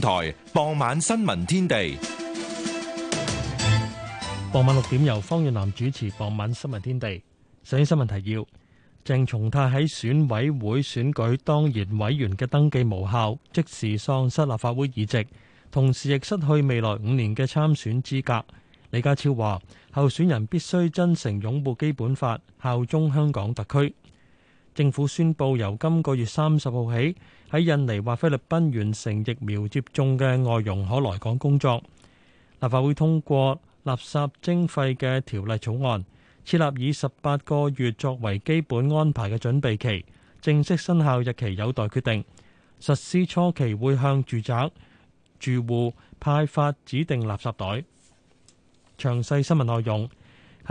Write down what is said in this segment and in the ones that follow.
台傍晚新聞天地，傍晚六點由方月南主持。傍晚新聞天地，首先新聞提要：鄭松泰喺選委會選舉當選委員嘅登記無效，即時喪失立法會議席，同時亦失去未來五年嘅參選資格。李家超話，候選人必須真誠擁護基本法，效忠香港特區。政府宣佈由今個月三十號起。喺印尼或菲律賓完成疫苗接種嘅外傭可來港工作。立法會通過垃圾徵費嘅條例草案，設立以十八個月作為基本安排嘅準備期，正式生效日期有待決定。實施初期會向住宅、住戶派發指定垃圾袋。詳細新聞內容。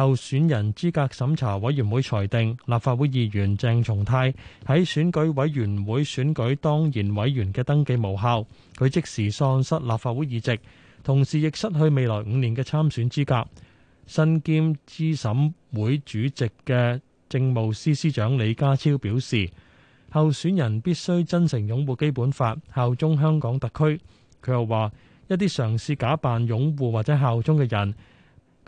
候選人資格審查委員會裁定，立法會議員鄭松泰喺選舉委員會選舉當然委員嘅登記無效，佢即時喪失立法會議席，同時亦失去未來五年嘅參選資格。身兼資審會主席嘅政務司司長李家超表示，候選人必須真誠擁護基本法、效忠香港特區。佢又話，一啲嘗試假扮擁護或者效忠嘅人。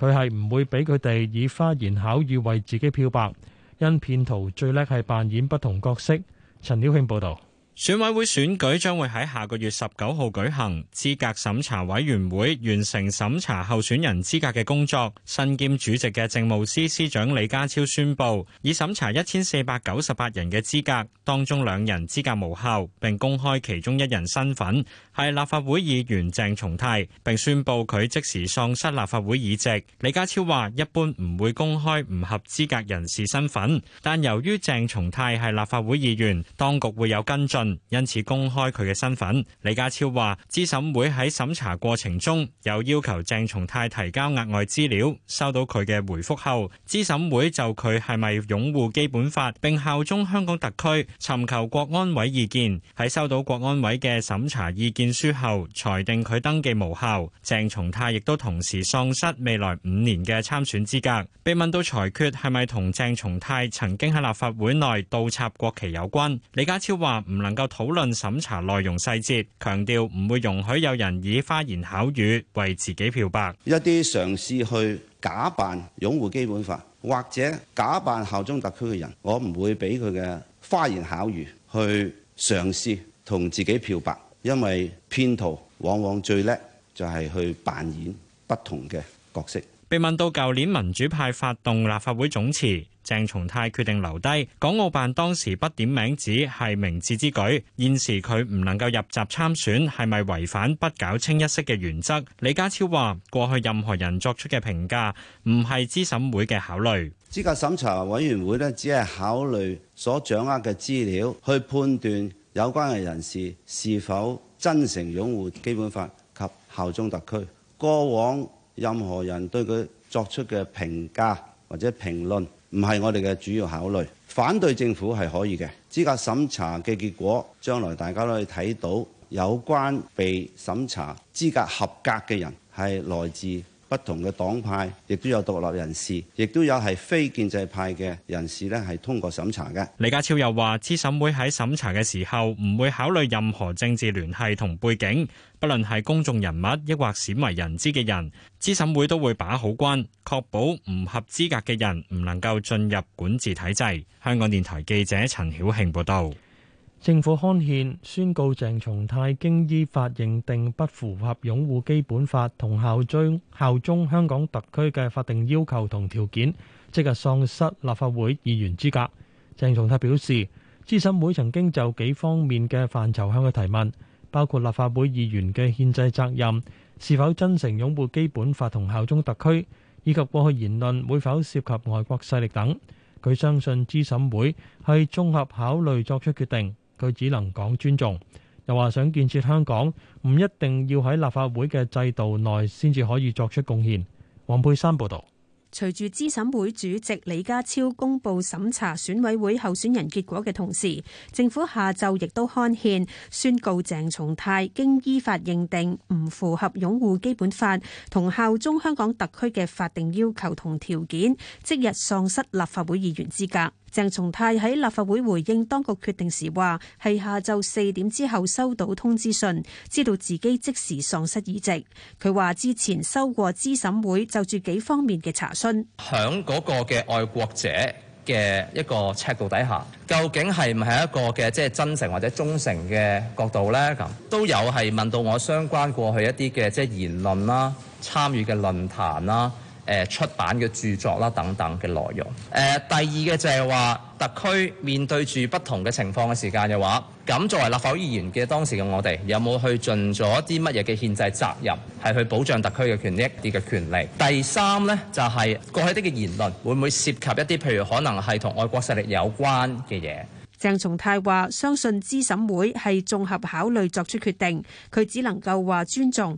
佢係唔會俾佢哋以花言巧語為自己漂白，因騙徒最叻係扮演不同角色。陳曉慶報道，選委會選舉將會喺下個月十九號舉行，資格審查委員會完成審查候選人資格嘅工作。身兼主席嘅政務司司長李家超宣布，已審查一千四百九十八人嘅資格，當中兩人資格無效，並公開其中一人身份。係立法會議員鄭松泰，並宣佈佢即時喪失立法會議席。李家超話：一般唔會公開唔合資格人士身份，但由於鄭松泰係立法會議員，當局會有跟進，因此公開佢嘅身份。李家超話：資審會喺審查過程中有要求鄭松泰提交額外資料，收到佢嘅回覆後，資審會就佢係咪擁護基本法並效忠香港特區，尋求國安委意見。喺收到國安委嘅審查意見見書後裁定佢登記無效，鄭松泰亦都同時喪失未來五年嘅參選資格。被問到裁決係咪同鄭松泰曾經喺立法會內倒插國旗有關，李家超話唔能夠討論審查內容細節，強調唔會容許有人以花言巧語為自己漂白。一啲嘗試去假扮擁護基本法，或者假扮效忠特區嘅人，我唔會俾佢嘅花言巧語去嘗試同自己漂白。因為騙徒往往最叻就係去扮演不同嘅角色。被問到舊年民主派發動立法會總辭，鄭松泰決定留低，港澳辦當時不點名指係明智之舉，現時佢唔能夠入閘參選，係咪違反不搞清一色嘅原則？李家超話：過去任何人作出嘅評價，唔係資審會嘅考慮。資格審查委員會呢，只係考慮所掌握嘅資料去判斷。有關嘅人士是否真誠擁護基本法及效忠特區？過往任何人對佢作出嘅評價或者評論，唔係我哋嘅主要考慮。反對政府係可以嘅，資格審查嘅結果，將來大家都會睇到，有關被審查資格合格嘅人係來自不同嘅黨派，亦都有獨立人士，亦都有係非建制派嘅人士呢係通過審查嘅。李家超又話，資審會喺審查嘅時候，唔會考慮任何政治聯繫同背景，不論係公眾人物，抑或鮮為人知嘅人，資審會都會把好關，確保唔合資格嘅人唔能夠進入管治體制。香港電台記者陳曉慶報道。政府刊憲宣告鄭松泰經依法認定不符合擁護基本法同效忠效忠香港特區嘅法定要求同條件，即時喪失立法會議員資格。鄭松泰表示，資審會曾經就幾方面嘅範疇向佢提問，包括立法會議員嘅憲制責任是否真誠擁護基本法同效忠特區，以及過去言論會否涉及外國勢力等。佢相信資審會係綜合考慮作出決定。佢只能講尊重，又話想建設香港，唔一定要喺立法會嘅制度內先至可以作出貢獻。黃佩珊報導。隨住資審會主席李家超公布審查選委會候選人結果嘅同時，政府下晝亦都刊憲宣告鄭松泰經依法認定唔符合擁護基本法同效忠香港特區嘅法定要求同條件，即日喪失立法會議員資格。鄭松泰喺立法會回應當局決定時話，係下晝四點之後收到通知信，知道自己即時喪失議席。佢話之前收過資審會就住幾方面嘅查詢，響嗰個嘅愛國者嘅一個尺度底下，究竟係唔係一個嘅即係真誠或者忠誠嘅角度咧？咁都有係問到我相關過去一啲嘅即係言論啦，參與嘅論壇啦。誒出版嘅著作啦，等等嘅內容。誒、呃、第二嘅就係話特區面對住不同嘅情況嘅時間嘅話，咁作為立法議員嘅當時嘅我哋，有冇去盡咗啲乜嘢嘅憲制責任，係去保障特區嘅權益、啲嘅權利？第三呢，就係、是、過去啲嘅言論會唔會涉及一啲譬如可能係同外國勢力有關嘅嘢？鄭松泰話相信資審會係綜合考慮作出決定，佢只能夠話尊重。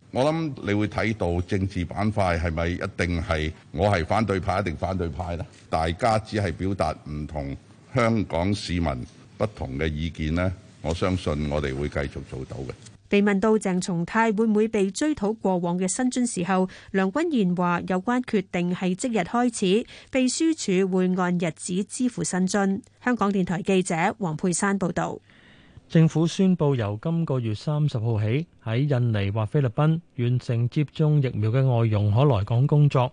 我諗你會睇到政治板塊係咪一定係我係反對派一定反對派呢？大家只係表達唔同香港市民不同嘅意見呢。我相信我哋會繼續做到嘅。被問到鄭松泰會唔會被追討過往嘅薪津時候，梁君彥話有關決定係即日開始，秘書處會按日子支付薪津。香港電台記者黃佩珊報道。政府宣布，由今個月三十號起，喺印尼或菲律賓完成接種疫苗嘅外傭可來港工作。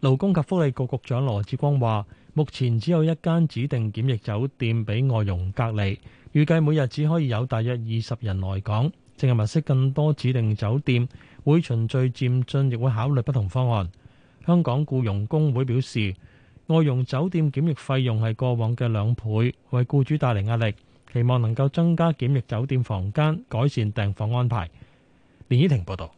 勞工及福利局局長羅志光話，目前只有一間指定檢疫酒店俾外傭隔離。預計每日只可以有大約二十人來港，淨係物色更多指定酒店，會循序漸進，亦會考慮不同方案。香港僱傭工會表示，外傭酒店檢疫費用係過往嘅兩倍，為僱主帶嚟壓力。期望能夠增加檢疫酒店房間，改善訂房安排。連依婷報道。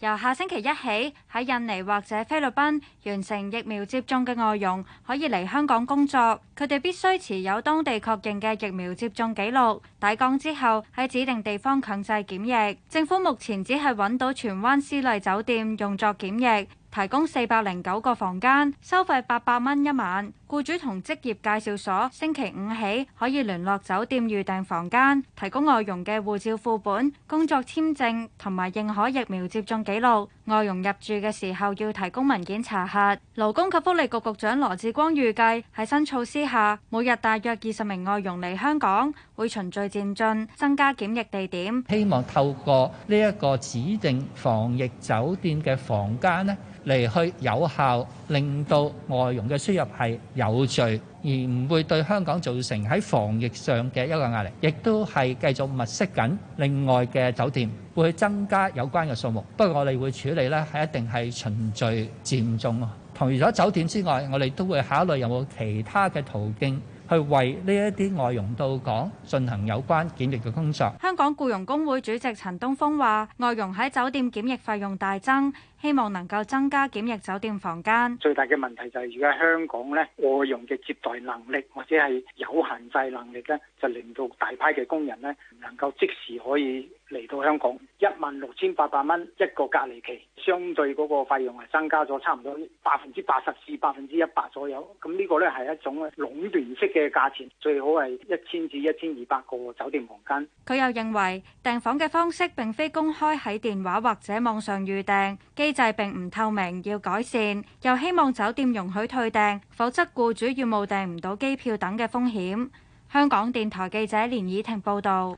由下星期一起，喺印尼或者菲律賓完成疫苗接種嘅外傭可以嚟香港工作，佢哋必須持有當地確認嘅疫苗接種記錄，抵港之後喺指定地方強制檢疫。政府目前只係揾到荃灣絲麗酒店用作檢疫，提供四百零九個房間，收費八百蚊一晚。僱主同職業介紹所星期五起可以聯絡酒店預訂房間，提供外傭嘅護照副本、工作簽證同埋認可疫苗接種記錄。外傭入住嘅時候要提供文件查核。勞工及福利局局長羅致光預計喺新措施下，每日大約二十名外傭嚟香港會循序漸進，增加檢疫地點，希望透過呢一個指定防疫酒店嘅房間呢嚟去有效令到外傭嘅輸入係有序而唔會對香港造成喺防疫上嘅一個壓力，亦都係繼續物色緊另外嘅酒店，會增加有關嘅數目。不過我哋會處理咧，係一定係循序漸進啊，同除咗酒店之外，我哋都會考慮有冇其他嘅途徑去為呢一啲外傭到港進行有關檢疫嘅工作。香港僱傭工會主席陳東峰話：外傭喺酒店檢疫費用大增，希望能夠增加檢疫酒店房間。最大嘅問題就係而家香港呢，外傭嘅接待能力或者係有限制能力呢，就令到大批嘅工人呢唔能夠即時可以。嚟到香港一萬六千八百蚊一個隔離期，相對嗰個費用係增加咗，差唔多百分之八十至百分之一百左右。咁呢個呢，係一種壟斷式嘅價錢，最好係一千至一千二百個酒店房間。佢又認為訂房嘅方式並非公開喺電話或者網上預訂，機制並唔透明，要改善。又希望酒店容許退訂，否則僱主要冇訂唔到機票等嘅風險。香港電台記者連以婷報導。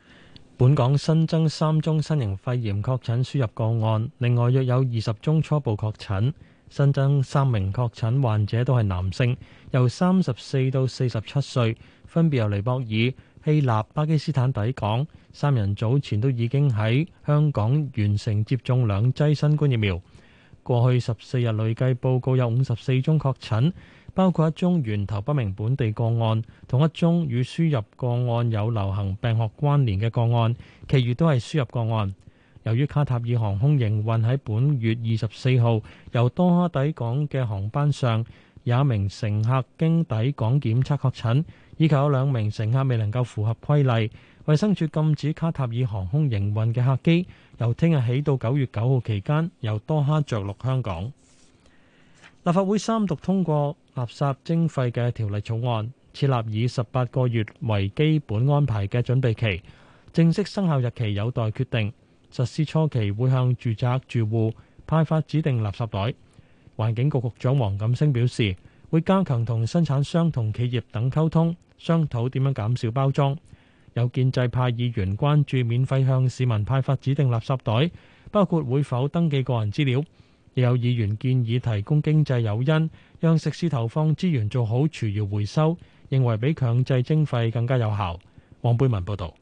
本港新增三宗新型肺炎確診輸入個案，另外約有二十宗初步確診，新增三名確診患者都係男性，由三十四到四十七歲，分別由尼泊爾、希臘、巴基斯坦抵港。三人早前都已經喺香港完成接種兩劑新冠疫苗。過去十四日累計報告有五十四宗確診。包括一宗源頭不明本地個案，同一宗與輸入個案有流行病學關聯嘅個案，其餘都係輸入個案。由於卡塔爾航空營運喺本月二十四號由多哈抵港嘅航班上，有一名乘客經抵港檢測確診，以及有兩名乘客未能夠符合規例，衛生署禁止卡塔爾航空營運嘅客機由聽日起到九月九號期間由多哈着陸香港。立法會三讀通過。垃圾徵費嘅條例草案設立以十八個月為基本安排嘅準備期，正式生效日期有待決定。實施初期會向住宅住戶派發指定垃圾袋。環境局局長黃錦星表示，會加強同生產商、同企業等溝通，商討點樣減少包裝。有建制派議員關注免費向市民派發指定垃圾袋，包括會否登記個人資料，亦有議員建議提供經濟誘因。讓食肆投放資源做好廚餘回收，認為比強制徵費更加有效。黃貝文報導，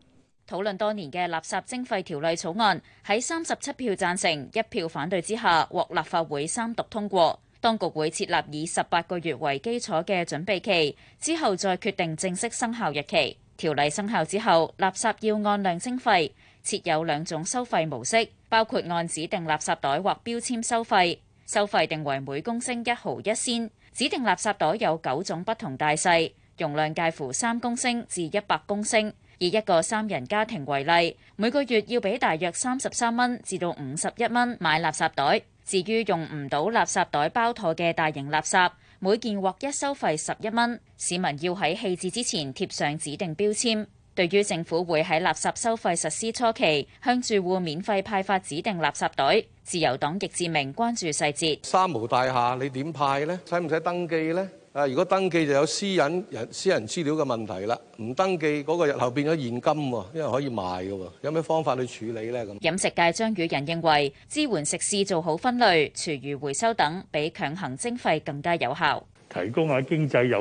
討論多年嘅垃圾徵費條例草案喺三十七票贊成、一票反對之下，獲立法會三讀通過。當局會設立以十八個月為基礎嘅準備期，之後再決定正式生效日期。條例生效之後，垃圾要按量徵費，設有兩種收費模式，包括按指定垃圾袋或標籤收費。收費定為每公升一毫一仙。指定垃圾袋有九種不同大細，容量介乎三公升至一百公升。以一個三人家庭為例，每個月要俾大約三十三蚊至到五十一蚊買垃圾袋。至於用唔到垃圾袋包妥嘅大型垃圾，每件獲一收費十一蚊。市民要喺棄置之前貼上指定標籤。對於政府會喺垃圾收費實施初期向住戶免費派發指定垃圾袋，自由黨易志明關注細節。三無大廈你點派呢？使唔使登記呢？啊，如果登記就有私隱人私人資料嘅問題啦。唔登記嗰個日後變咗現金喎，因為可以賣㗎喎，有咩方法去處理呢？咁飲食界張宇人認為，支援食肆做好分類、廚餘回收等，比強行徵費更加有效。提供下經濟誘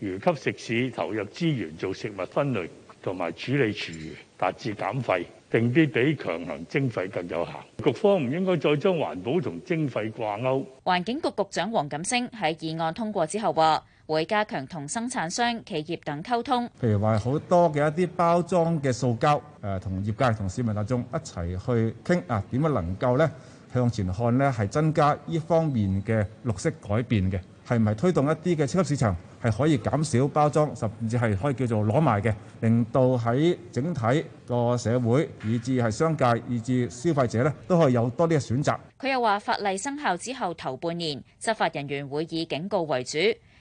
因，如給食肆投入資源做食物分類。同埋處理廚餘達至減費，定必比強行徵費更有效。局方唔應該再將環保同徵費掛鈎。環境局局長黃錦星喺議案通過之後話：會加強同生產商、企業等溝通。譬如話好多嘅一啲包裝嘅塑膠，誒同業界同市民大眾一齊去傾啊，點樣能夠咧向前看咧，係增加呢方面嘅綠色改變嘅。係咪推動一啲嘅超級市場係可以減少包裝，甚至係可以叫做攞埋嘅，令到喺整體個社會，以至係商界，以至消費者呢，都可以有多啲嘅選擇。佢又話：法例生效之後頭半年，執法人員會以警告為主，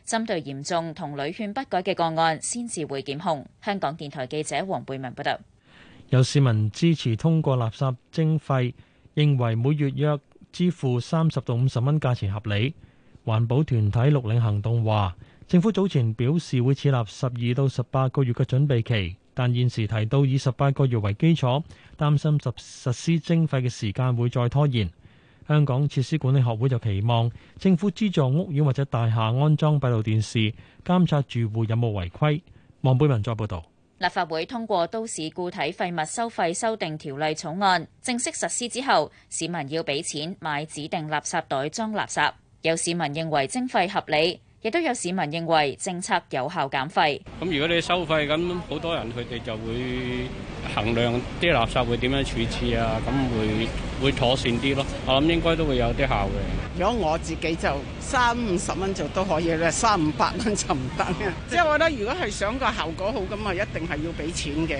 針對嚴重同屢勸不改嘅個案，先至會檢控。香港電台記者黃貝文報道。有市民支持通過垃圾徵費，認為每月約支付三十到五十蚊價錢合理。環保團體綠領行動話，政府早前表示會設立十二到十八個月嘅準備期，但現時提到以十八個月為基礎，擔心實實施徵費嘅時間會再拖延。香港設施管理學會就期望政府資助屋苑或者大廈安裝閉路電視，監察住戶有冇違規。王貝文再報道，立法會通過都市固體廢物收費修訂條例草案，正式實施之後，市民要俾錢買指定垃圾袋裝垃圾。有市民認為徵費合理，亦都有市民認為政策有效減廢。咁如果你收費，咁好多人佢哋就會衡量啲垃圾會點樣處置啊，咁會會妥善啲咯。我諗應該都會有啲效嘅。如果我自己就三五十蚊就都可以啦，三五百蚊就唔得啊。即係我覺得，如果係想個效果好咁啊，一定係要俾錢嘅。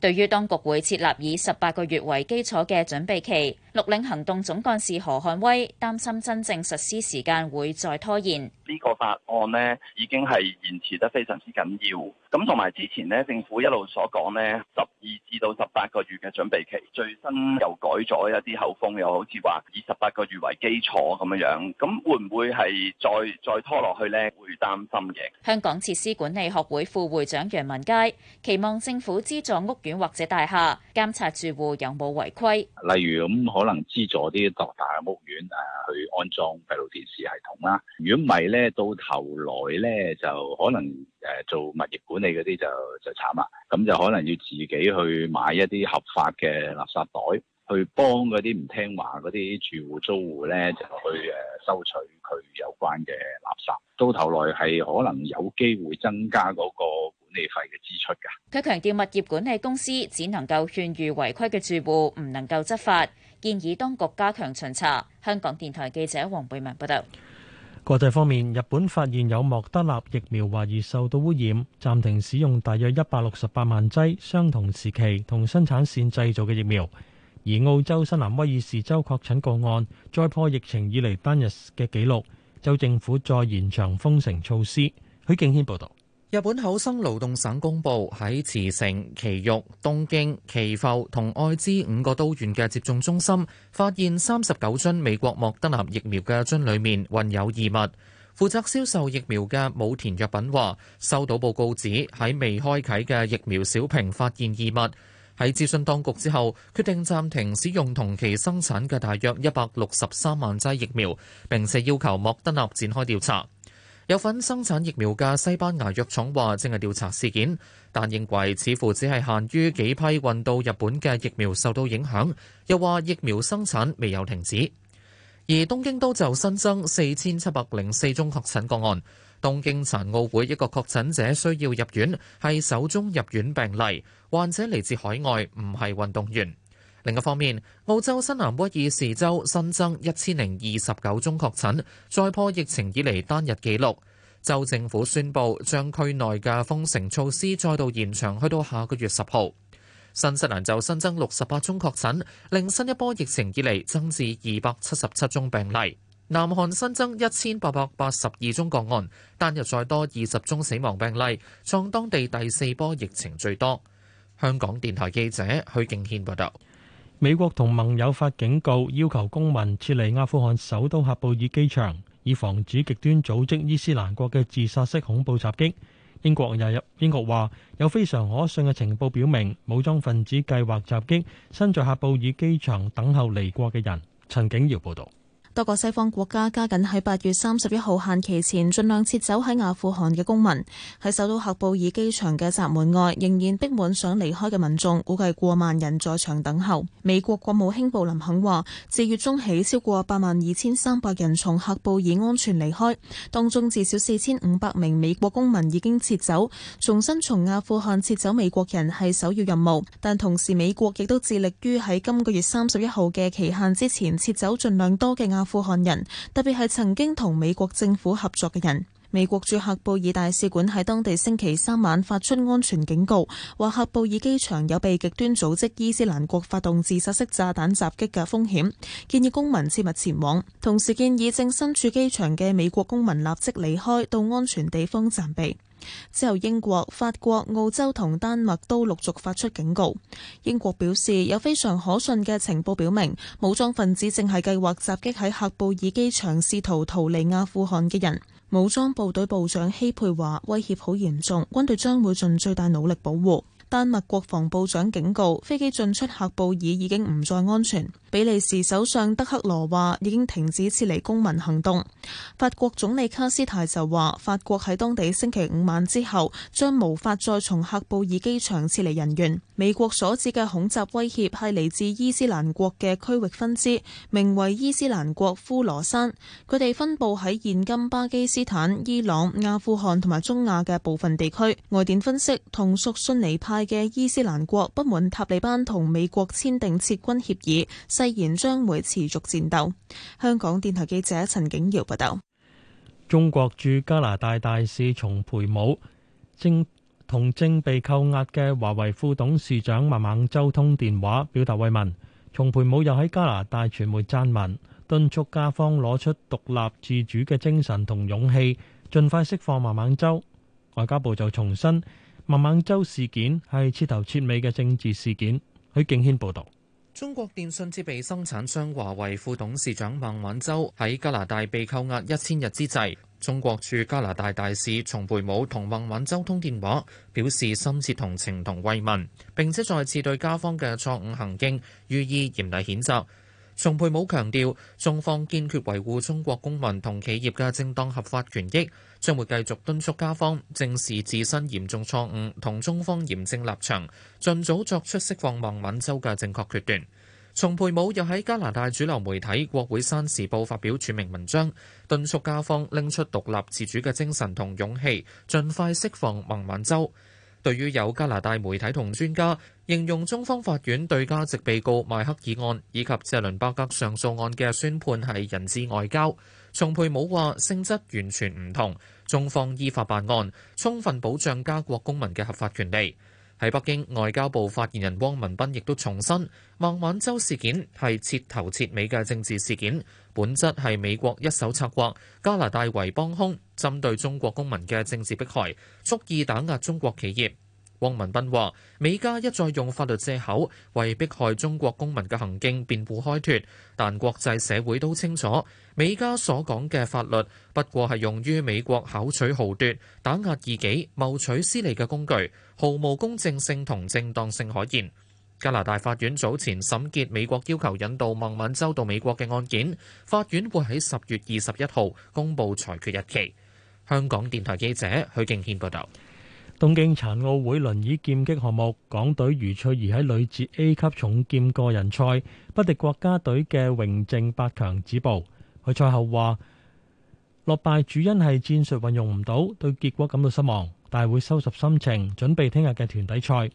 對於當局會設立以十八個月為基礎嘅準備期。綠領行動總幹事何漢威擔心真正實施時間會再拖延。呢個法案呢已經係延遲得非常之緊要。咁同埋之前呢，政府一路所講呢，十二至到十八個月嘅準備期，最新又改咗一啲口風，又好似話以十八個月為基礎咁樣樣。咁會唔會係再再拖落去呢？會擔心嘅。香港設施管理學會副會長楊文佳期望政府資助屋苑或者大廈監察住戶有冇違規，例如咁可能。可能資助啲獨大嘅屋苑誒去安裝閉路電視系統啦。如果唔係咧，到頭來咧就可能誒做物業管理嗰啲就就慘啦。咁就可能要自己去買一啲合法嘅垃圾袋去幫嗰啲唔聽話嗰啲住戶租戶咧，就去誒收取佢有關嘅垃圾。到頭來係可能有機會增加嗰個管理費嘅支出噶，佢強調物業管理公司只能夠勸喻違規嘅住戶，唔能夠執法。建議當局加強巡查。香港電台記者黃貝文報道。國際方面，日本發現有莫德納疫苗懷疑受到污染，暫停使用大約一百六十八萬劑相同時期同生產線製造嘅疫苗。而澳洲新南威爾士州確診個案再破疫情以嚟單日嘅紀錄，州政府再延長封城措施。許敬軒報道。日本厚生勞動省公布喺茨城、埼玉、東京、岐阜同愛知五個都縣嘅接種中心，發現三十九樽美國莫德納疫苗嘅樽裏面混有異物。負責銷售疫苗嘅武田藥品話，收到報告指喺未開啟嘅疫苗小瓶發現異物，喺諮詢當局之後，決定暫停使用同期生產嘅大約一百六十三萬劑疫苗，並且要求莫德納展開調查。有份生產疫苗嘅西班牙藥廠話正係調查事件，但認為似乎只係限於幾批運到日本嘅疫苗受到影響，又話疫苗生產未有停止。而東京都就新增四千七百零四宗確診個案，東京殘奧會一個確診者需要入院，係首宗入院病例，患者嚟自海外，唔係運動員。另一方面，澳洲新南威爾士州新增一千零二十九宗確診，再破疫情以嚟單日紀錄。州政府宣布將區內嘅封城措施再度延長去到下個月十號，新西蘭就新增六十八宗確診，令新一波疫情以嚟增至二百七十七宗病例。南韓新增一千八百八十二宗個案，單日再多二十宗死亡病例，創當地第四波疫情最多。香港電台記者許敬軒報道。美國同盟友發警告，要求公民撤離阿富汗首都喀布爾機場，以防止極端組織伊斯蘭國嘅自殺式恐怖襲擊。英國也有英國話有非常可信嘅情報表明，武裝分子計劃襲擊身在喀布爾機場等候離國嘅人。陳景耀報道。多個西方國家加緊喺八月三十一號限期前盡量撤走喺阿富汗嘅公民。喺首都喀布爾機場嘅閘門外，仍然逼滿想離開嘅民眾，估計過萬人在場等候。美國國務卿布林肯話：自月中起，超過八萬二千三百人從喀布爾安全離開。當中至少四千五百名美國公民已經撤走。重新從阿富汗撤走美國人係首要任務，但同時美國亦都致力於喺今個月三十一號嘅期限之前撤走盡量多嘅阿。阿富汗人，特別係曾經同美國政府合作嘅人。美國駐喀布爾大使館喺當地星期三晚發出安全警告，話喀布爾機場有被極端組織伊斯蘭國發動自殺式炸彈襲擊嘅風險，建議公民切勿前往。同時建議正身處機場嘅美國公民立即離開，到安全地方暫避。之後，英國、法國、澳洲同丹麥都陸續發出警告。英國表示有非常可信嘅情報表明，武裝分子正係計劃襲擊喺喀布爾機場試圖逃離阿富汗嘅人。武裝部隊部長希佩華威脅好嚴重，軍隊將會盡最大努力保護。丹麥國防部長警告，飛機進出喀布爾已經唔再安全。比利時首相德克羅話已經停止撤離公民行動。法國總理卡斯泰就話，法國喺當地星期五晚之後將無法再從喀布爾機場撤離人員。美國所指嘅恐襲威脅係嚟自伊斯蘭國嘅區域分支，名為伊斯蘭國呼羅山。佢哋分佈喺現今巴基斯坦、伊朗、阿富汗同埋中亞嘅部分地區。外電分析，同屬遜尼派嘅伊斯蘭國不滿塔利班同美國簽訂撤軍協議。誓言將會持續戰鬥。香港電台記者陳景瑤報道。中國駐加拿大大使叢培武正同正被扣押嘅華為副董事長孟晚舟通電話，表達慰問。叢培武又喺加拿大傳媒撰文，敦促加方攞出獨立自主嘅精神同勇氣，盡快釋放孟晚舟。外交部就重申孟晚舟事件係徹頭徹尾嘅政治事件。許敬軒報道。中國電信設備生產商華為副董事長孟晚舟喺加拿大被扣押一千日之際，中國駐加拿大大使叢培武同孟晚舟通電話，表示深切同情同慰問，並且再次對加方嘅錯誤行徑予以嚴厲譴責。宋培武強調，中方堅決維護中國公民同企業嘅正當合法權益，將會繼續敦促加方正視自身嚴重錯誤同中方嚴正立場，盡早作出釋放孟晚舟嘅正確決斷。叢培武又喺加拿大主流媒體《國會山時報》發表署名文章，敦促加方拎出獨立自主嘅精神同勇氣，盡快釋放孟晚舟。對於有加拿大媒體、同專家形容中方法院對加籍被告邁克爾案以及謝倫伯格上訴案嘅宣判係人質外交，宋佩武話性質完全唔同，中方依法辦案，充分保障加國公民嘅合法權利。喺北京，外交部發言人汪文斌亦都重申，孟晚舟事件係徹頭徹尾嘅政治事件，本質係美國一手策劃加拿大為幫兇針對中國公民嘅政治迫害，蓄意打壓中國企業。汪文斌話：美加一再用法律藉口，為迫害中國公民嘅行徑辯護開脫，但國際社會都清楚，美加所講嘅法律不過係用於美國巧取豪奪、打壓異己、謀取私利嘅工具，毫無公正性同正當性可言。加拿大法院早前審結美國要求引渡孟晚舟到美國嘅案件，法院會喺十月二十一號公佈裁決日期。香港電台記者許敬軒報道。東京殘奧會輪椅劍擊項目，港隊余翠怡喺女子 A 級重劍個人賽不敵國家隊嘅榮靜，八強止步。佢賽後話，落敗主因係戰術運用唔到，對結果感到失望，但係會收拾心情，準備聽日嘅團體賽。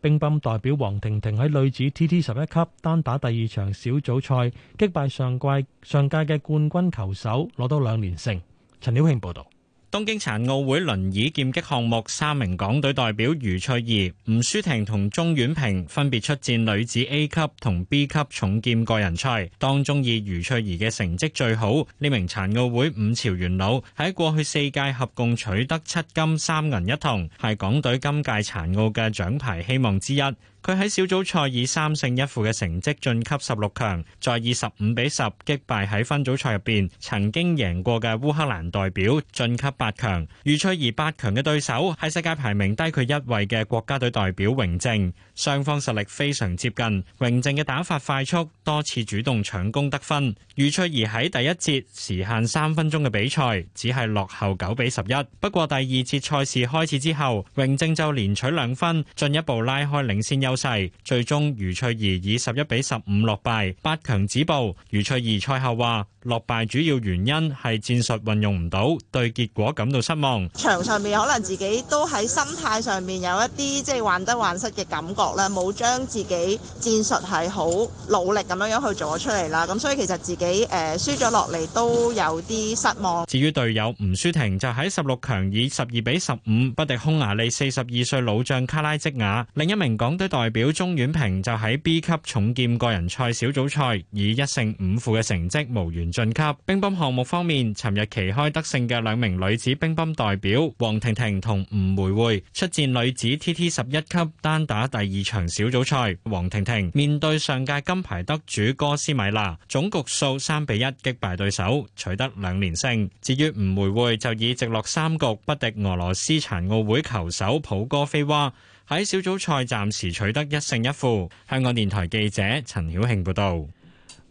乒，乒乓代表王婷婷喺女子 TT 十一級單打第二場小組賽擊敗上屆上屆嘅冠軍球手，攞到兩連勝。陳曉慶報道。東京殘奧會輪椅劍擊項目，三名港隊代表余翠怡、吳舒婷同鍾婉萍分別出戰女子 A 級同 B 級重劍個人賽，當中以余翠怡嘅成績最好。呢名殘奧會五朝元老喺過去四屆合共取得七金三銀一銅，係港隊今屆殘奧嘅獎牌希望之一。佢喺小組賽以三勝一負嘅成績晉級十六強，再以十五比十擊敗喺分組賽入邊曾經贏過嘅烏克蘭代表晉級八強。余翠兒八強嘅對手係世界排名低佢一位嘅國家隊代表榮正，雙方實力非常接近。榮正嘅打法快速，多次主動搶攻得分。余翠兒喺第一節時限三分鐘嘅比賽只係落後九比十一，不過第二節賽事開始之後，榮正就連取兩分，進一步拉開領先優勢，最終余翠怡以十一比十五落敗，八強止步。余翠怡賽後話：落敗主要原因係戰術運用唔到，對結果感到失望。場上面可能自己都喺心態上面有一啲即係患得患失嘅感覺啦，冇將自己戰術係好努力咁樣樣去做咗出嚟啦。咁所以其實自己誒輸咗落嚟，都有啲失望。至於隊友吳舒婷就喺十六強以十二比十五不敵匈牙利四十二歲老將卡拉積雅，另一名港隊。代表鍾婉萍就喺 B 級重劍個人賽小組賽以一勝五負嘅成績無緣晉級。乒乓項目方面，尋日旗開得勝嘅兩名女子乒乓代表黃婷婷同吳梅慧出戰女子 TT 十一級單打第二場小組賽。黃婷婷面對上屆金牌得主哥斯米娜，總局數三比一擊敗對手，取得兩連勝。至於吳梅慧就以直落三局不敵俄羅斯殘奧會球手普哥菲娃。喺小組賽暫時取得一勝一負。香港電台記者陳曉慶報道：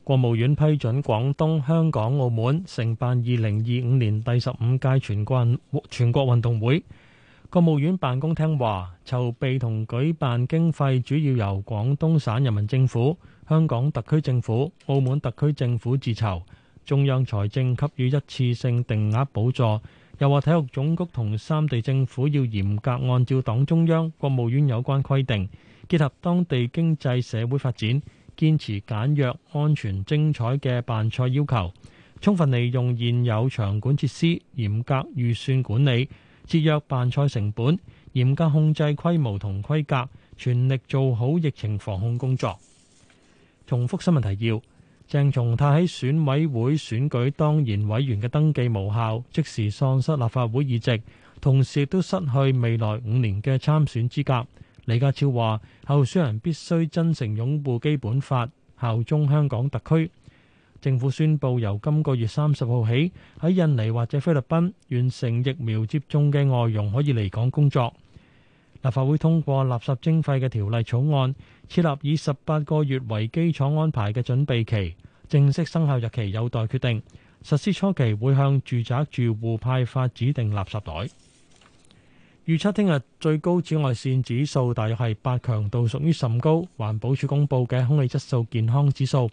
國務院批准廣東、香港、澳門承辦二零二五年第十五屆全國全國運動會。國務院辦公廳話，籌備同舉辦經費主要由廣東省人民政府、香港特區政府、澳門特區政府自籌，中央財政給予一次性定額補助。又話體育總局同三地政府要嚴格按照黨中央、國務院有關規定，結合當地經濟社會發展，堅持簡約、安全、精彩嘅辦賽要求，充分利用現有場館設施，嚴格預算管理，節約辦賽成本，嚴格控制規模同規格，全力做好疫情防控工作。重複新聞提要。鄭松泰喺選委會選舉當然委員嘅登記無效，即時喪失立法會議席，同時亦都失去未來五年嘅參選資格。李家超話，候選人必須真誠擁護基本法，效忠香港特區。政府宣布由今個月三十號起，喺印尼或者菲律賓完成疫苗接種嘅外傭可以嚟港工作。立法會通過垃圾徵費嘅條例草案。設立以十八個月為基礎安排嘅準備期，正式生效日期有待決定。實施初期會向住宅住戶派發指定垃圾袋。預測聽日最高紫外線指數大約係八，強度屬於甚高。環保署公布嘅空氣質素健康指數，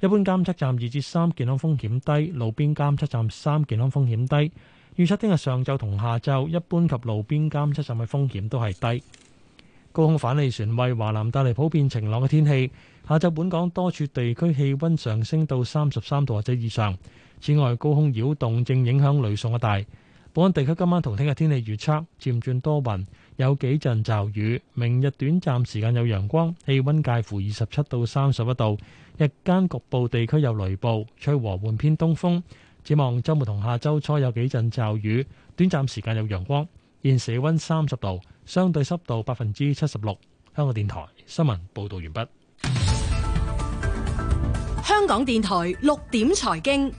一般監測站二至三，健康風險低；路邊監測站三，健康風險低。預測聽日上晝同下晝，一般及路邊監測站嘅風險都係低。高空反氣旋為華南帶嚟普遍晴朗嘅天氣，下晝本港多處地區氣溫上升到三十三度或者以上。此外，高空擾動正影響雷送一帶。本港地區今晚同聽日天氣預測漸轉多雲，有幾陣驟雨。明日短暫時間有陽光，氣溫介乎二十七到三十一度。日間局部地區有雷暴，吹和緩偏東風。展望週末同下週初有幾陣驟雨，短暫時間有陽光。現時氣溫三十度，相對濕度百分之七十六。香港電台新聞報道完畢。香港電台六點財經，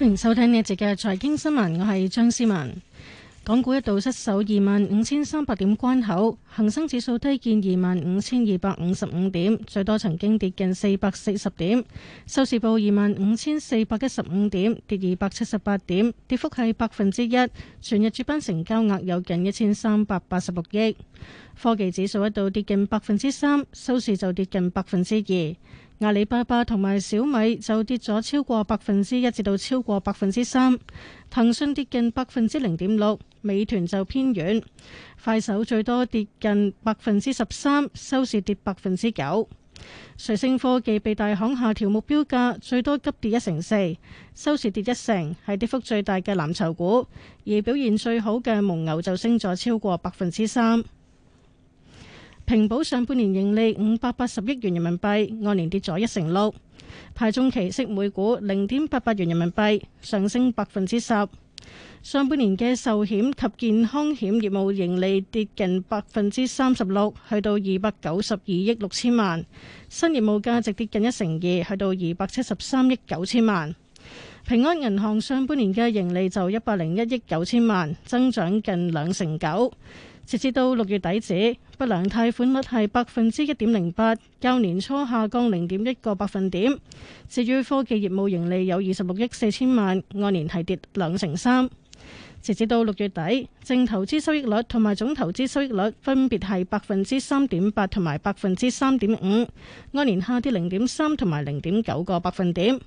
歡迎收聽呢一節嘅財經新聞，我係張思文。港股一度失守二萬五千三百點關口，恒生指數低見二萬五千二百五十五點，最多曾經跌近四百四十點，收市報二萬五千四百一十五點，跌二百七十八點，跌幅係百分之一。全日主板成交額有近一千三百八十六億。科技指數一度跌近百分之三，收市就跌近百分之二。阿里巴巴同埋小米就跌咗超過百分之一至到超過百分之三，騰訊跌近百分之零點六，美團就偏遠，快手最多跌近百分之十三，收市跌百分之九。瑞星科技被大行下調目標價最多急跌一成四，收市跌一成，係跌幅最大嘅藍籌股。而表現最好嘅蒙牛就升咗超過百分之三。平保上半年盈利五百八十億元人民幣，按年跌咗一成六，派中期息每股零點八八元人民幣，上升百分之十。上半年嘅壽險及健康險業務盈利跌近百分之三十六，去到二百九十二億六千萬，新業務價值跌近一成二，去到二百七十三億九千萬。平安銀行上半年嘅盈利就一百零一億九千萬，增長近兩成九。直至到六月底止，不良貸款率係百分之一點零八，較年初下降零點一個百分點。至於科技業務盈利有二十六億四千萬，按年係跌兩成三。直至到六月底，淨投資收益率同埋總投資收益率分別係百分之三點八同埋百分之三點五，按年下跌零點三同埋零點九個百分點。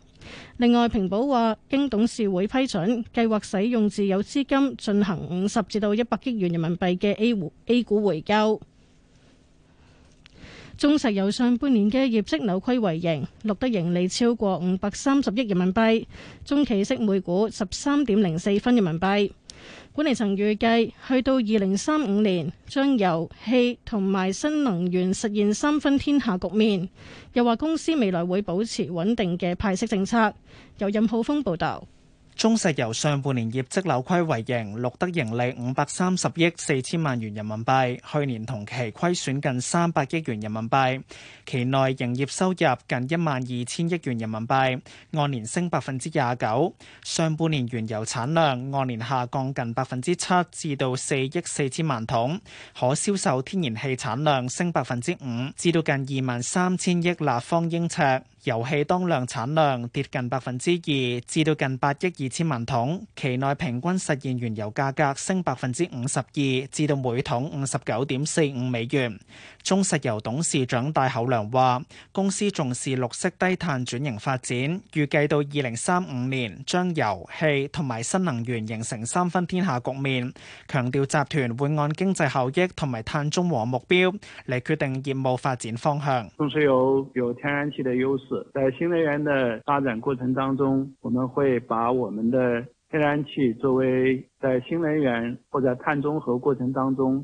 另外，平保話經董事會批准，計劃使用自有資金進行五十至到一百億元人民幣嘅 A 股 A 股回購。中石油上半年嘅業績扭虧為盈，錄得盈利超過五百三十億人民幣，中期息每股十三點零四分人民幣。管理層預計，去到二零三五年，將油氣同埋新能源實現三分天下局面。又話公司未來會保持穩定嘅派息政策。由任浩峰報道。中石油上半年業績扭虧為盈，錄得盈利五百三十億四千萬元人民幣，去年同期虧損近三百億元人民幣。期內營業收入近一萬二千億元人民幣，按年升百分之廿九。上半年原油產量按年下降近百分之七，至到四億四千萬桶，可銷售天然氣產量升百分之五，至到近二萬三千億立方英尺。油氣當量產量跌近百分之二，至到近八億二千萬桶。期內平均實現原油價格升百分之五十二，至到每桶五十九點四五美元。中石油董事長戴厚良話，公司重視綠色低碳轉型發展，預計到二零三五年將油氣同埋新能源形成三分天下局面。強調集團會按經濟效益同埋碳中和目標嚟決定業務發展方向。中石油有天然氣的優勢，在新能源的發展過程當中，我們會把我們的天然氣作為在新能源或者碳中和過程當中。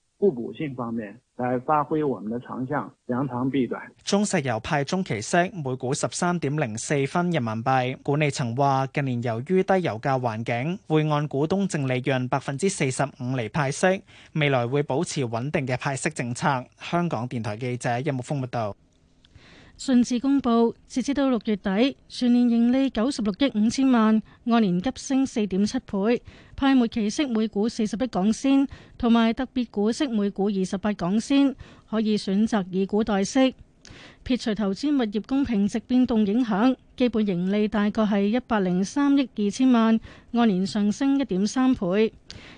互補性方面，來發揮我們的長項，揚長避短。中石油派中期息，每股十三點零四分人民幣。管理層話，近年由於低油價環境，會按股東淨利潤百分之四十五嚟派息，未來會保持穩定嘅派息政策。香港電台記者任木峰報道。順治公佈，截至到六月底，全年盈利九十六億五千萬，按年急升四點七倍，派末期息每股四十一港仙，同埋特別股息每股二十八港仙，可以選擇以股代息。撇除投資物業公平值變動影響，基本盈利大概係一百零三億二千萬，按年上升一點三倍。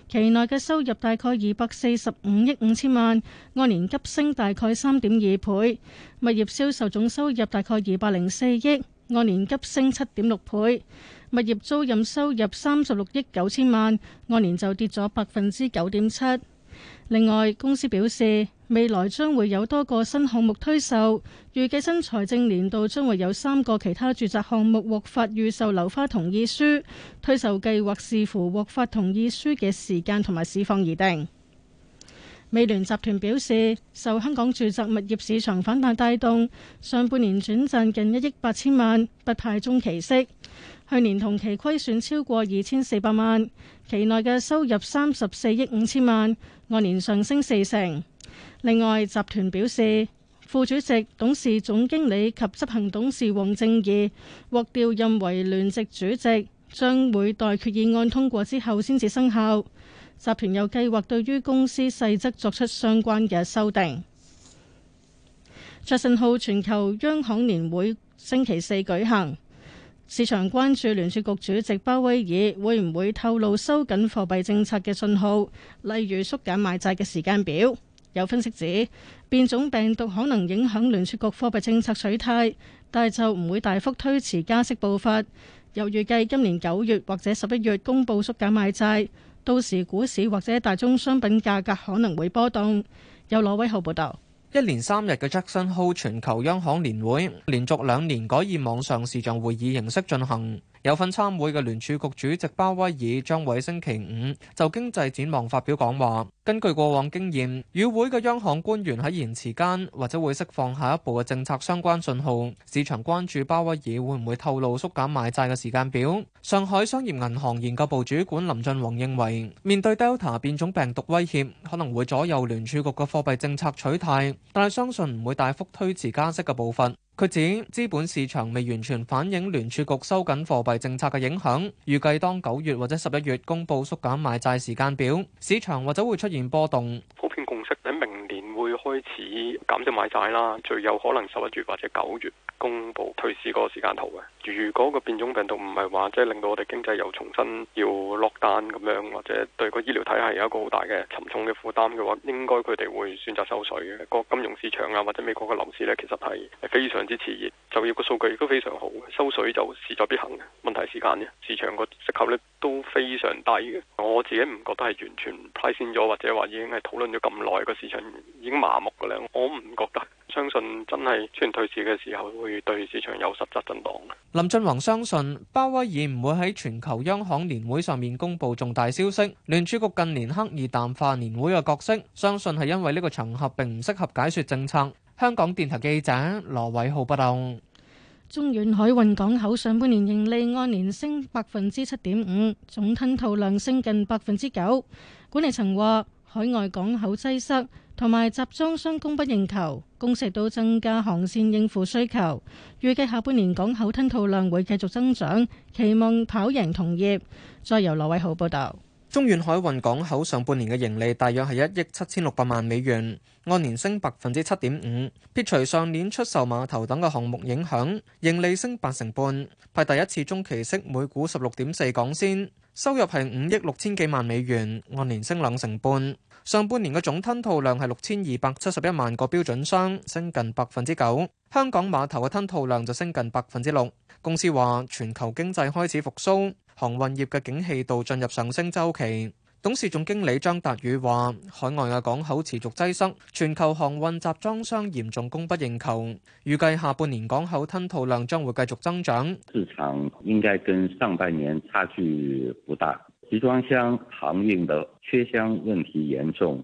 期內嘅收入大概二百四十五億五千萬，按年急升大概三點二倍。物業銷售總收入大概二百零四億，按年急升七點六倍。物業租賃收入三十六億九千萬，按年就跌咗百分之九點七。另外，公司表示，未來將會有多個新項目推售，預計新財政年度將會有三個其他住宅項目獲發預售樓花同意書，推售計劃視乎獲發同意書嘅時間同埋市況而定。美聯集團表示，受香港住宅物業市場反彈帶動，上半年轉賺近一億八千萬，不派中期息，去年同期虧損超過二千四百萬，期內嘅收入三十四億五千萬。按年上升四成。另外，集團表示，副主席、董事、總經理及執行董事王正義獲調任為聯席主席，將會待決議案通過之後先至生效。集團又計劃對於公司細則作出相關嘅修訂。財信號全球央行年會星期四舉行。市場關注聯儲局主席鮑威爾會唔會透露收緊貨幣政策嘅信號，例如縮減買債嘅時間表。有分析指，變種病毒可能影響聯儲局貨幣政策取態，但係就唔會大幅推遲加息步伐。又預計今年九月或者十一月公布縮減買債，到時股市或者大宗商品價格可能會波動。有羅偉浩報道。一連三日嘅 Jackson Hole 全球央行年會，連續兩年改以網上視像會議形式進行。有份參會嘅聯儲局主席鮑威爾將會星期五就經濟展望發表講話。根據過往經驗，與會嘅央行官員喺言辭間或者會釋放下一步嘅政策相關信號。市場關注鮑威爾會唔會透露縮減買債嘅時間表。上海商業銀行研究部主管林俊宏認為，面對 Delta 變種病毒威脅，可能會左右聯儲局嘅貨幣政策取態，但係相信唔會大幅推遲加息嘅步伐。佢指資本市場未完全反映聯儲局收緊貨幣政策嘅影響，預計當九月或者十一月公布縮減買債時間表，市場或者會出現波動，普遍共識喺明。開始減少買債啦，最有可能十一月或者九月公布退市個時間表嘅。如果個變種病毒唔係話即係令到我哋經濟又重新要落單咁樣，或者對個醫療體系有一個好大嘅沉重嘅負擔嘅話，應該佢哋會選擇收水嘅。個金融市場啊，或者美國嘅樓市呢，其實係係非常之熾熱。就業個數據亦都非常好，收水就勢在必行嘅問題。時間咧，市場個失業率都非常低嘅。我自己唔覺得係完全派線咗，或者話已經係討論咗咁耐個市場已經麻木㗎喇。我唔覺得，相信真係出現退市嘅時候，會對市場有實質震盪。林進宏相信鮑威爾唔會喺全球央行年會上面公布重大消息。聯儲局近年刻意淡化年會嘅角色，相信係因為呢個場合並唔適合解說政策。香港電台記者羅偉浩報道：中遠海運港口上半年盈利按年升百分之七點五，總吞吐量升近百分之九。管理層話，海外港口擠塞同埋集裝箱供不應求，公司都增加航線應付需求。預計下半年港口吞吐量會繼續增長，期望跑贏同業。再由羅偉浩報道。中遠海運港口上半年嘅盈利大約係一億七千六百萬美元，按年升百分之七點五。撇除上年出售碼頭等嘅項目影響，盈利升八成半，派第一次中期息每股十六點四港仙，收入係五億六千幾萬美元，按年升兩成半。上半年嘅總吞吐量係六千二百七十一萬個標準箱，升近百分之九。香港碼頭嘅吞吐量就升近百分之六。公司話全球經濟開始復甦。航運業嘅景氣度進入上升週期，董事總經理張達宇話，海外嘅港口持續擠塞，全球航運集裝箱嚴重供不應求，預計下半年港口吞吐量將會繼續增長。市場應該跟上半年差距不大，集裝箱航運的缺箱問題嚴重。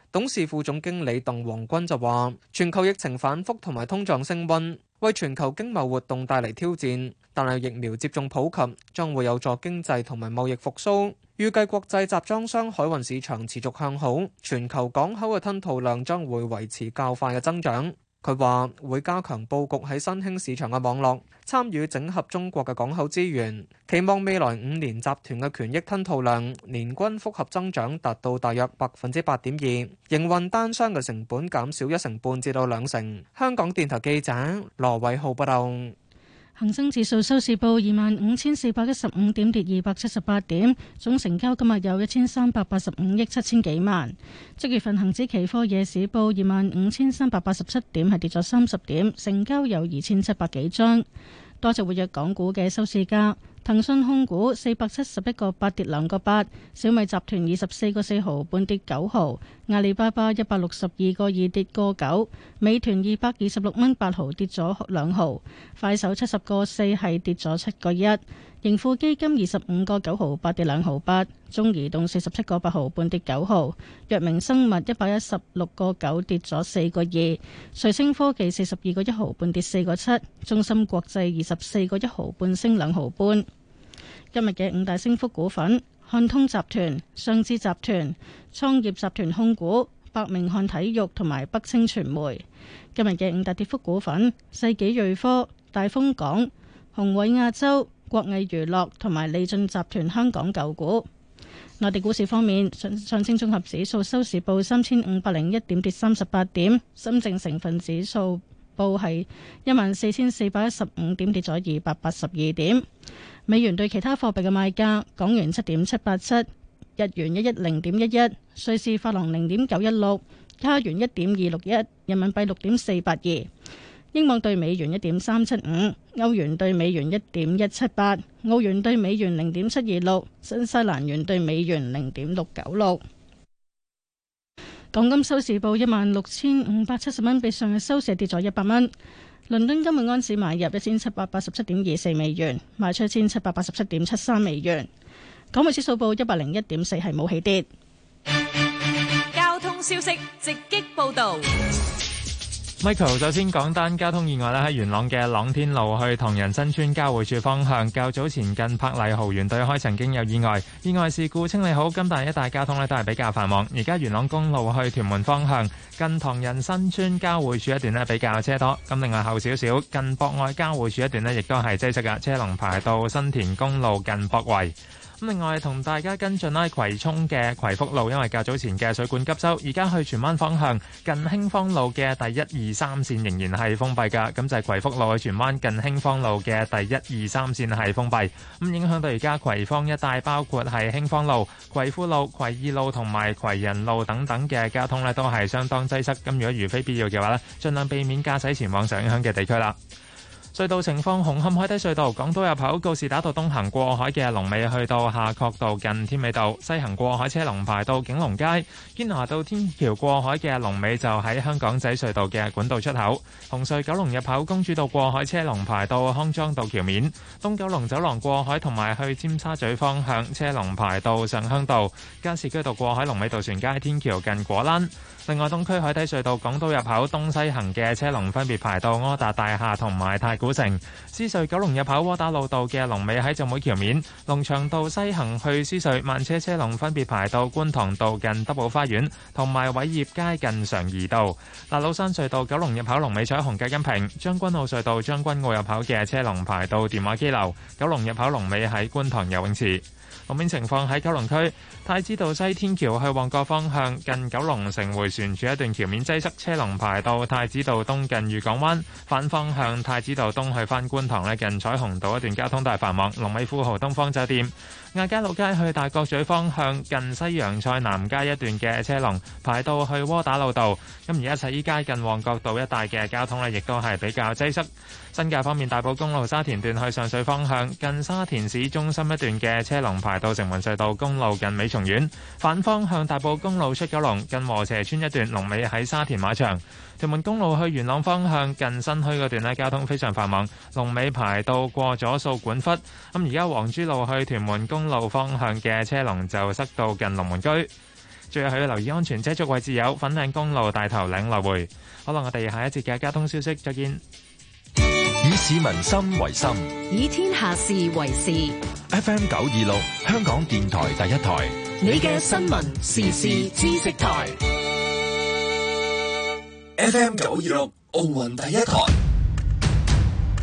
董事副總經理鄧黃軍就話，全球疫情反覆同埋通脹升温，為全球經貿活動帶嚟挑戰，但係疫苗接種普及，將會有助經濟同埋貿易復蘇，預計國際集裝箱海運市場持續向好，全球港口嘅吞吐量將會維持較快嘅增長。佢話會加強佈局喺新興市場嘅網絡，參與整合中國嘅港口資源，期望未來五年集團嘅權益吞吐量年均複合增長達到大約百分之八點二，營運單箱嘅成本減少一成半至到兩成。香港電台記者羅偉浩報道。恒生指數收市報二萬五千四百一十五點，跌二百七十八點，總成交今日有一千三百八十五億七千幾萬。即月份恒指期貨夜市報二萬五千三百八十七點，係跌咗三十點，成交有二千七百幾張。多隻活躍港股嘅收市價。騰訊控股四百七十一個八跌兩個八，小米集團二十四個四毫半跌九毫，阿里巴巴一百六十二個二跌個九，美團二百二十六蚊八毫跌咗兩毫，快手七十個四係跌咗七個一。盈富基金二十五個九毫八跌兩毫八，8, 中移動四十七個八毫半跌九毫，藥明生物一百一十六個九跌咗四個二，瑞聲科技四十二個一毫半跌四個七，中芯國際二十四個一毫半升兩毫半。今日嘅五大升幅股份：漢通集團、上置集團、創業集團控股、伯明翰體育同埋北青傳媒。今日嘅五大跌幅股份：世紀瑞科、大豐港、宏偉亞洲。國藝娛樂同埋利駿集團香港舊股。內地股市方面，上上證綜合指數收市報三千五百零一點，跌三十八點，深證成分指數報係一萬四千四百一十五點，跌咗二百八十二點。美元對其他貨幣嘅賣價：港元七點七八七，日元一一零點一一，瑞士法郎零點九一六，加元一點二六一，人民幣六點四八二。英鎊兌美元一點三七五，歐元兌美元一點一七八，澳元兌美元零點七二六，新西蘭元兌美元零點六九六。港金收市報一萬六千五百七十蚊，比上日收市跌咗一百蚊。倫敦今日安士買入一千七百八十七點二四美元，賣出一千七百八十七點七三美元。港匯指數報一百零一點四，係冇起跌。交通消息直擊報道。Michael，首先講單交通意外啦。喺元朗嘅朗天路去唐人新村交匯處方向，較早前近柏麗豪園對開曾經有意外。意外事故清理好，金大一帶交通呢都係比較繁忙。而家元朗公路去屯門方向，近唐人新村交匯處一段呢比較車多。咁另外後少少近博愛交匯處一段呢亦都係擠塞嘅車龍排到新田公路近博圍。另外同大家跟進咧葵涌嘅葵福路，因為較早前嘅水管急修，而家去荃灣方向近興芳路嘅第一二三線仍然係封閉㗎。咁就係葵福路去荃灣近興芳路嘅第一二三線係封閉。咁影響到而家葵芳一帶，包括係興芳路、葵富路、葵二路同埋葵仁路等等嘅交通呢都係相當擠塞。咁如果如非必要嘅話呢儘量避免駕駛前往受影響嘅地區啦。隧道情況：紅磡海底隧道港島入口，告士打道東行過海嘅龍尾去到夏慤道近添美道；西行過海車龍排到景隆街堅拿道天橋，過海嘅龍尾就喺香港仔隧道嘅管道出口。紅隧九龍入口，公主道過海車龍排到康莊道橋面；東九龍走廊過海同埋去尖沙咀方向車龍排到上鄉道；加士居道過海龍尾渡船街天橋近果欄。另外，東區海底隧道港島入口東西行嘅車龍分別排到柯達大廈同埋太古城。獅隧九龍入口窩打老道嘅龍尾喺浸會橋面。龍翔道西行去獅隧慢車車龍分別排到觀塘道近德寶花園同埋偉業街近常怡道。大老山隧道九龍入口龍尾在彩虹隔音屏，將軍澳隧道將軍澳入口嘅車龍排到電話機樓。九龍入口龍尾喺觀塘游泳池。路面情況喺九龍區太子道西天橋去旺角方向，近九龍城迴旋處一段橋面擠塞，車龍排到太子道東近譽港灣。反方向太子道東去返觀塘咧，近彩虹道一段交通大繁忙，龍尾富豪東方酒店。亞皆老街去大角咀方向，近西洋菜南街一段嘅車龍排到去窩打老道。咁而一齊依家近旺角道一帶嘅交通呢，亦都係比較擠塞。新界方面，大埔公路沙田段去上水方向，近沙田市中心一段嘅車龍排到城門隧道公路近美松苑。反方向，大埔公路出九龍近禾輋村一段龍尾喺沙田馬場。屯門公路去元朗方向，近新墟嗰段咧，交通非常繁忙，龍尾排到過咗掃管笏。咁而家黃珠路去屯門公路方向嘅車龍就塞到近龍門居。最後，你要留意安全車速位置，有粉嶺公路大頭嶺來回。好啦，我哋下一節嘅交通消息再見。以市民心為心，以天下事為事。FM 九二六，香港電台第一台。你嘅新聞時事知識台。FM 九二六奧運第一台。